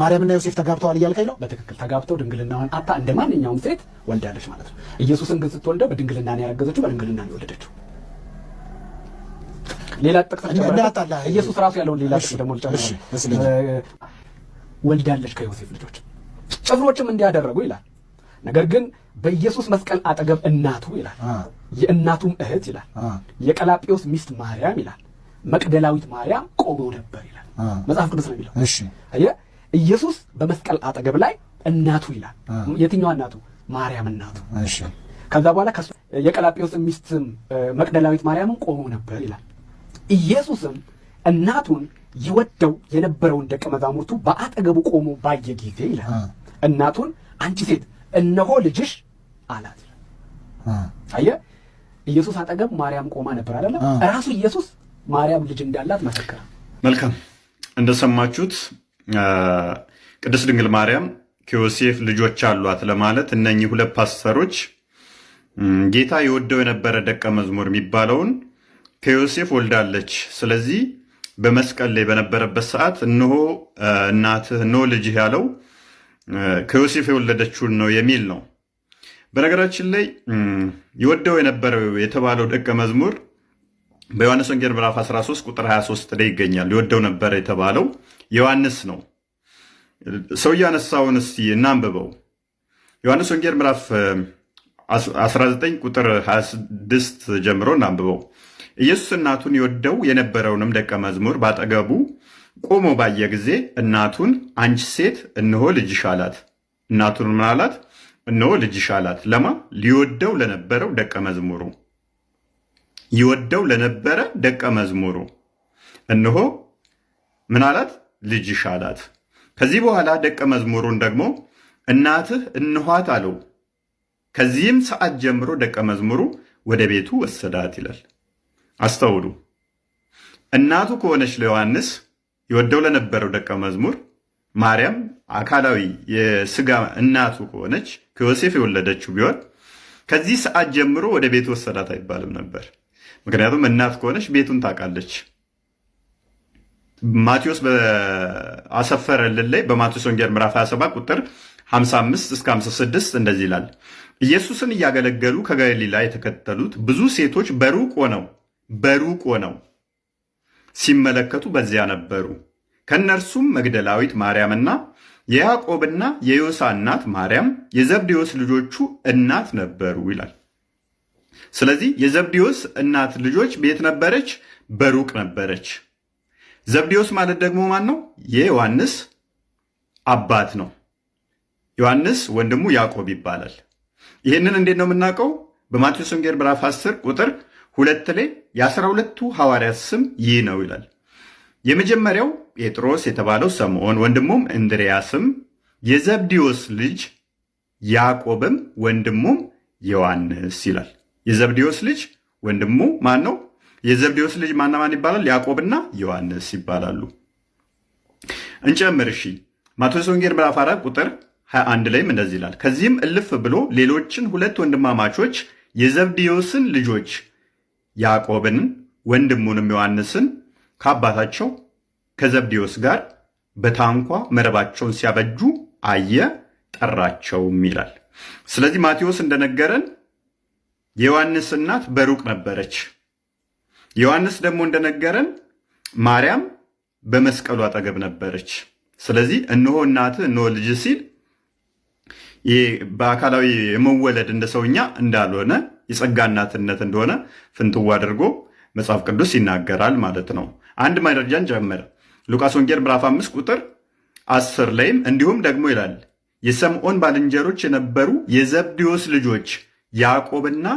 ማርያምና ዮሴፍ ተጋብተዋል እያልከኝ ነው? በትክክል ተጋብተው ድንግልናዋን አታ እንደ ማንኛውም ሴት ወልዳለች ማለት ነው። ኢየሱስን ግን ስትወልደው በድንግልና ነው ያረገዘችው፣ በድንግልና ነው የወለደችው። ሌላ ጥቅስ ኢየሱስ ራሱ ያለውን ሌላ ጥቅስ ደግሞ ወልዳለች ከዮሴፍ ልጆች ጭፍሮችም እንዲያደረጉ ይላል። ነገር ግን በኢየሱስ መስቀል አጠገብ እናቱ ይላል፣ የእናቱም እህት ይላል፣ የቀላጴዎስ ሚስት ማርያም ይላል፣ መቅደላዊት ማርያም ቆመው ነበር ይላል መጽሐፍ ቅዱስ ነው የሚለው ኢየሱስ በመስቀል አጠገብ ላይ እናቱ ይላል። የትኛዋ እናቱ? ማርያም እናቱ። ከዛ በኋላ የቀላጴዎስ ሚስትም መቅደላዊት ማርያምን ቆሞ ነበር ይላል። ኢየሱስም እናቱን ይወደው የነበረውን ደቀ መዛሙርቱ በአጠገቡ ቆሞ ባየ ጊዜ ይላል እናቱን አንቺ ሴት እነሆ ልጅሽ አላት። አየ ኢየሱስ አጠገብ ማርያም ቆማ ነበር አይደለም። ራሱ ኢየሱስ ማርያም ልጅ እንዳላት መሰከረ። መልካም እንደሰማችሁት ቅድስት ድንግል ማርያም ከዮሴፍ ልጆች አሏት ለማለት እነኚህ ሁለት ፓስተሮች ጌታ የወደው የነበረ ደቀ መዝሙር የሚባለውን ከዮሴፍ ወልዳለች። ስለዚህ በመስቀል ላይ በነበረበት ሰዓት እነሆ እናትህ እነሆ ልጅህ ያለው ከዮሴፍ የወለደችውን ነው የሚል ነው። በነገራችን ላይ የወደው የነበረው የተባለው ደቀ መዝሙር በዮሐንስ ወንጌል ምዕራፍ 13 ቁጥር 23 ላይ ይገኛል። ሊወደው ነበር የተባለው ዮሐንስ ነው። ሰው ያነሳውን እስቲ እናንብበው። ዮሐንስ ወንጌል ምዕራፍ 19 ቁጥር 26 ጀምሮ እናንብበው። ኢየሱስ እናቱን ይወደው የነበረውንም ደቀ መዝሙር ባጠገቡ ቆሞ ባየ ጊዜ እናቱን አንቺ ሴት እነሆ ልጅሽ አላት። እናቱን ምን አላት? እነሆ ልጅሽ አላት። ለማ ሊወደው ለነበረው ደቀ መዝሙሩ ይወደው ለነበረ ደቀ መዝሙሩ እነሆ ምን አላት? ልጅሽ አላት። ከዚህ በኋላ ደቀ መዝሙሩን ደግሞ እናትህ እንኋት አለው። ከዚህም ሰዓት ጀምሮ ደቀ መዝሙሩ ወደ ቤቱ ወሰዳት ይላል። አስተውሉ። እናቱ ከሆነች ለዮሐንስ ይወደው ለነበረው ደቀ መዝሙር ማርያም አካላዊ የስጋ እናቱ ከሆነች ከዮሴፍ የወለደችው ቢሆን ከዚህ ሰዓት ጀምሮ ወደ ቤቱ ወሰዳት አይባልም ነበር። ምክንያቱም እናት ከሆነች ቤቱን ታውቃለች። ማቴዎስ አሰፈረልን ላይ በማቴዎስ ወንጌል ምዕራፍ 27 ቁጥር 55 እስከ 56 እንደዚህ ይላል። ኢየሱስን እያገለገሉ ከገሊላ የተከተሉት ብዙ ሴቶች በሩቅ ሆነው በሩቅ ሆነው ሲመለከቱ በዚያ ነበሩ። ከእነርሱም መግደላዊት ማርያምና የያዕቆብና የዮሳ እናት ማርያም የዘብዴዎስ ልጆቹ እናት ነበሩ ይላል። ስለዚህ የዘብዴዎስ እናት ልጆች ቤት ነበረች፣ በሩቅ ነበረች። ዘብዴዎስ ማለት ደግሞ ማን ነው? የዮሐንስ አባት ነው። ዮሐንስ ወንድሙ ያዕቆብ ይባላል። ይህንን እንዴት ነው የምናውቀው? በማቴዎስ ወንጌል ምዕራፍ 10 ቁጥር ሁለት ላይ የአስራ ሁለቱ ሐዋርያት ስም ይህ ነው ይላል። የመጀመሪያው ጴጥሮስ የተባለው ስምዖን ወንድሙም እንድሪያስም፣ የዘብዴዎስ ልጅ ያዕቆብም ወንድሙም ዮሐንስ ይላል። የዘብዴዎስ ልጅ ወንድሙ ማን ነው? የዘብዴዎስ ልጅ ማና ማን ይባላል? ያዕቆብና ዮሐንስ ይባላሉ። እንጨምር እሺ። ማቴዎስ ወንጌል ምዕራፍ አራት ቁጥር 21 ላይም እንደዚህ ይላል፣ ከዚህም እልፍ ብሎ ሌሎችን ሁለት ወንድማማቾች የዘብዴዎስን ልጆች ያዕቆብን ወንድሙንም ዮሐንስን ከአባታቸው ከዘብዴዎስ ጋር በታንኳ መረባቸውን ሲያበጁ አየ፣ ጠራቸውም ይላል። ስለዚህ ማቴዎስ እንደነገረን የዮሐንስ እናት በሩቅ ነበረች። ዮሐንስ ደግሞ እንደነገረን ማርያም በመስቀሉ አጠገብ ነበረች። ስለዚህ እነሆ እናት እነሆ ልጅ ሲል በአካላዊ የመወለድ እንደ ሰውኛ እንዳልሆነ የጸጋ እናትነት እንደሆነ ፍንትዋ አድርጎ መጽሐፍ ቅዱስ ይናገራል ማለት ነው። አንድ መረጃን ጀመረ። ሉቃስ ወንጌል ምዕራፍ አምስት ቁጥር አስር ላይም እንዲሁም ደግሞ ይላል የሰምዖን ባልንጀሮች የነበሩ የዘብዴዎስ ልጆች ያዕቆብና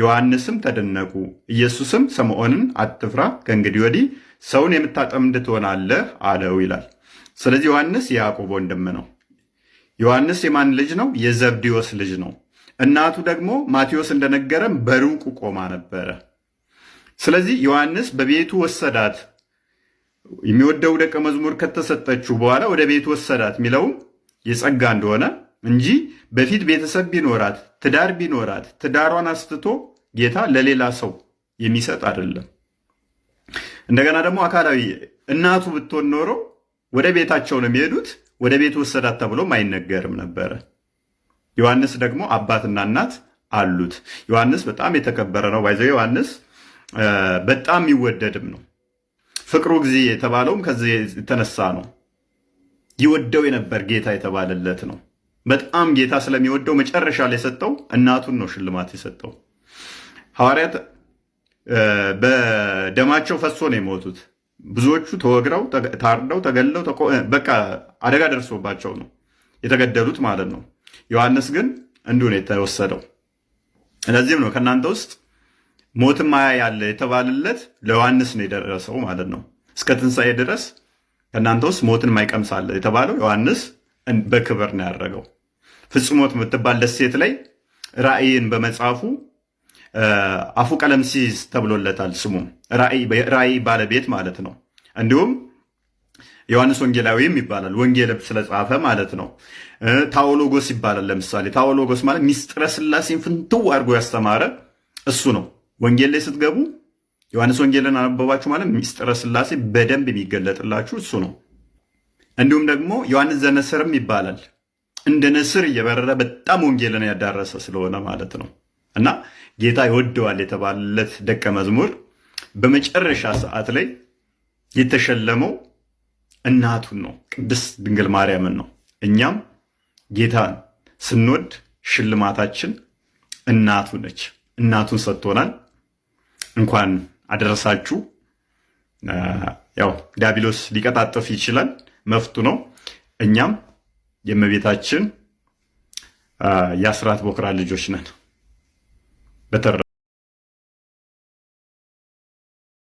ዮሐንስም ተደነቁ። ኢየሱስም ስምዖንን አትፍራ፣ ከእንግዲህ ወዲህ ሰውን የምታጠምድ ትሆናለህ አለው ይላል። ስለዚህ ዮሐንስ የያዕቆብ ወንድም ነው። ዮሐንስ የማን ልጅ ነው? የዘብዴዎስ ልጅ ነው። እናቱ ደግሞ ማቴዎስ እንደነገረም በሩቁ ቆማ ነበረ። ስለዚህ ዮሐንስ በቤቱ ወሰዳት። የሚወደው ደቀ መዝሙር ከተሰጠችው በኋላ ወደ ቤቱ ወሰዳት የሚለውም የጸጋ እንደሆነ እንጂ በፊት ቤተሰብ ቢኖራት ትዳር ቢኖራት ትዳሯን አስትቶ ጌታ ለሌላ ሰው የሚሰጥ አይደለም። እንደገና ደግሞ አካላዊ እናቱ ብትሆን ኖሮ ወደ ቤታቸው ነው የሚሄዱት። ወደ ቤት ወሰዳት ተብሎም አይነገርም ነበረ። ዮሐንስ ደግሞ አባትና እናት አሉት። ዮሐንስ በጣም የተከበረ ነው። ባይዘ ዮሐንስ በጣም የሚወደድም ነው። ፍቅሩ ጊዜ የተባለውም ከዚህ የተነሳ ነው። ይወደው የነበር ጌታ የተባለለት ነው። በጣም ጌታ ስለሚወደው መጨረሻ ላይ የሰጠው እናቱን ነው ሽልማት የሰጠው። ሐዋርያት በደማቸው ፈሶ ነው የሞቱት። ብዙዎቹ ተወግረው ታርደው ተገለው በቃ አደጋ ደርሶባቸው ነው የተገደሉት ማለት ነው። ዮሐንስ ግን እንዲሁ ነው የተወሰደው። ስለዚህም ነው ከእናንተ ውስጥ ሞት ማያ ያለ የተባለለት ለዮሐንስ ነው የደረሰው ማለት ነው። እስከ ትንሣኤ ድረስ ከእናንተ ውስጥ ሞትን ማይቀምሳለ የተባለው ዮሐንስ በክብር ነው ያደረገው። ፍጹሞት የምትባል ደሴት ላይ ራእይን በመጽሐፉ አፉ ቀለም ሲይዝ ተብሎለታል። ስሙ ራእይ ባለቤት ማለት ነው። እንዲሁም ዮሐንስ ወንጌላዊም ይባላል። ወንጌል ስለጻፈ ማለት ነው። ታዎሎጎስ ይባላል። ለምሳሌ ታዎሎጎስ ማለት ሚስጥረ ስላሴን ፍንትው አድርጎ ያስተማረ እሱ ነው። ወንጌል ላይ ስትገቡ ዮሐንስ ወንጌልን አነበባችሁ ማለት ሚስጥረ ስላሴ በደንብ የሚገለጥላችሁ እሱ ነው። እንዲሁም ደግሞ ዮሐንስ ዘነስርም ይባላል። እንደ ነስር እየበረረ በጣም ወንጌልን ያዳረሰ ስለሆነ ማለት ነው እና ጌታ ይወደዋል የተባለለት ደቀ መዝሙር በመጨረሻ ሰዓት ላይ የተሸለመው እናቱን ነው፣ ቅድስት ድንግል ማርያምን ነው። እኛም ጌታን ስንወድ ሽልማታችን እናቱ ነች። እናቱን ሰጥቶናል። እንኳን አደረሳችሁ። ያው ዲያብሎስ ሊቀጣጠፍ ይችላል። መፍቱ ነው። እኛም የእመቤታችን የአስራት ቦክራ ልጆች ነን። በተረፈ